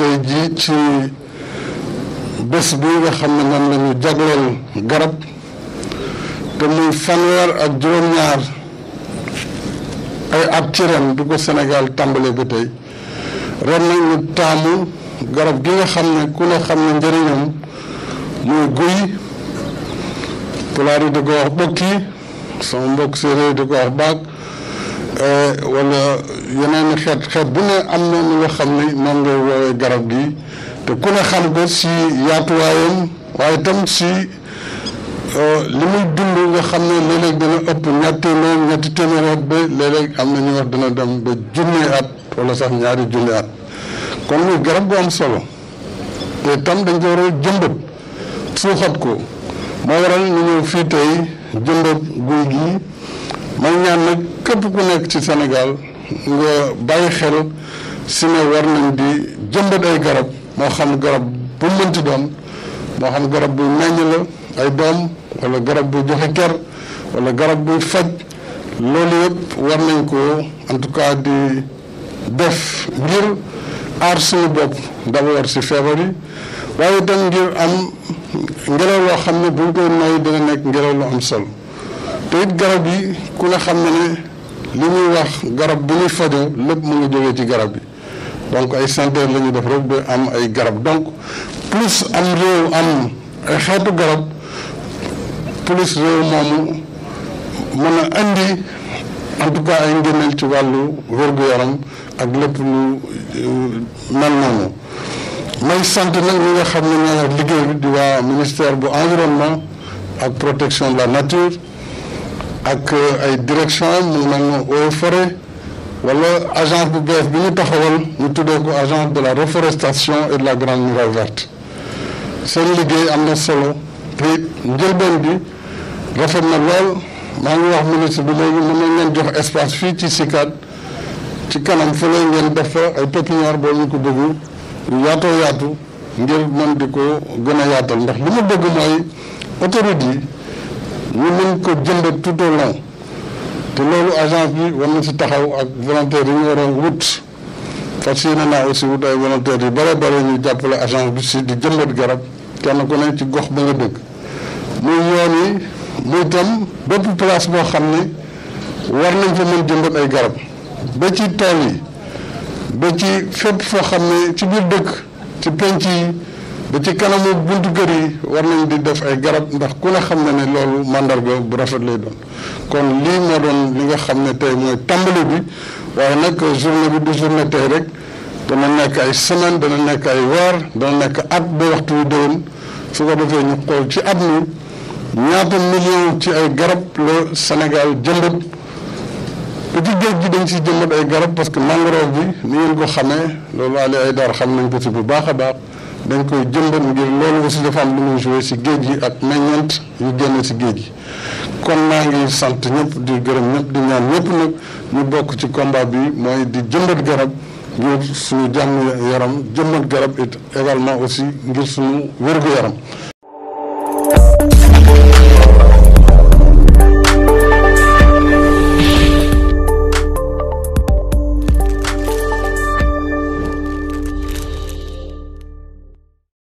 tey jii ci bés bi nga xam ne moom la ñu jagleel garab te muy fanweer ak juróom-ñaar ay at ci ren du ko Sénégal tàmbalee ba tey ren nañu taamu garab gi nga xam ne ku ne xam ne njëriñam muy guy pulaar yi di ko wax bokki sama mbokk séeréer di ko wax baag Eh, wala yeneen xeet xeet bu ne am na nga xam ni moom nga woowee garab gi te ku ne xam ko si yaatuwaayam waaye tam si eh, li muy dund nga xam ne léeg-léeg dana ëpp ñetti téeméer ñetti ba léeg am na ñu wax dana dem ba junni at wala sax ñaari junni at kon muy garab gu am solo te tam dañ ko war a jëmbat suuxat ko moo waral ñu ñëw fii tey jëmbat guy gi may ñaan nag képp ku nekk ci senegal nga bàyyi xel si ne war nañ di jëmbat ay garab moo xam garab bu mënti doon moo xam garab buy meññ la ay doom wala garab buy joxe ker wala garab buy faj loolu yëpp war nañ ko en tout cas di def ngir aar suñu bopp d'abord si feebar yi waaye itam ngir am ngelaw loo xam ne buñ koy noyyi dina nekk ngelaw lu am sol te it garab yi ku ne xam na ne li ñuy wax garab bu ñuy fajoo lépp mu ngi jógee ci garab yi donc ay santeer la ñuy def rek ba am ay garab donc plus am réew am ay xeetu garab plus réew moomu mën a andi en tout cas ay ngëneel ci wàllu wér-gu-yaram ak lépp lu mel noonu may sant nag ñi nga xam ne ñoo yor liggéey bi di waa ministère bu environnement ak protection de la nature ak ay direction mu mel ne forêt wala agence bu bees bi ñu taxawal ñu tuddee ko agence de la reforestation et de la grande nouvelle verte seen liggéey am na solo te njëlbeen bi rafet na lool maa ngi wax ministre bi léegi mën nañ leen jox espace fii ci SICAD ci kanam fële ngeen def fa ay pépinière boo ñu ko bëgg yaatoo yaatu ngir mën di ko gën a yaatal ndax li mu bëgg mooy autorité yi. ñu mën ko jënd tout au long te loolu agence bi war nañ si taxaw ak volontaires yi ñu waroon wut fas yéene naa aussi wut ay volontaires yu bare bare ñu jàppale agence bi si di jëmbat garab kenn ko ne ci gox ba nga dëkk mu yoon yi muy tam bépp place boo xam ne war nañ fa mën jëmbat ay garab ba ci tool yi ba ci fépp foo xam ne ci biir dëkk ci penc yi ba ci kanamu buntu kër yi war nañ di def ay garab ndax ku ne xam ne ne loolu màndargo bu rafet lay doon kon lii moo doon li nga xam ne tey mooy tàmbali bi waaye nag journée bi du journée tey rek dana nekk ay semaine dana nekk ay weer dana nekk at ba waxtu yu déwén su ko defee ñu xool ci at mi ñaata million ci ay garab la Sénégal jëmbat te ci géej gi dañ ci jëmbat ay garab parce que mangrove bi ni ngeen ko xamee loolu Aly Aïdar xam nañ ko fi bu baax a baax dañ koy jëmbat ngir loolu aussi dafa am lu muy joué si géej gi ak meññeent yu génn ci géej gi kon maa ngi sant ñëpp di gërëm ñëpp di ñaan ñëpp nag ñu bokk ci combat bi mooy di jëmbat garab ngir suñu jàmm yaram jëmbat garab it également aussi ngir suñu wérgu yaram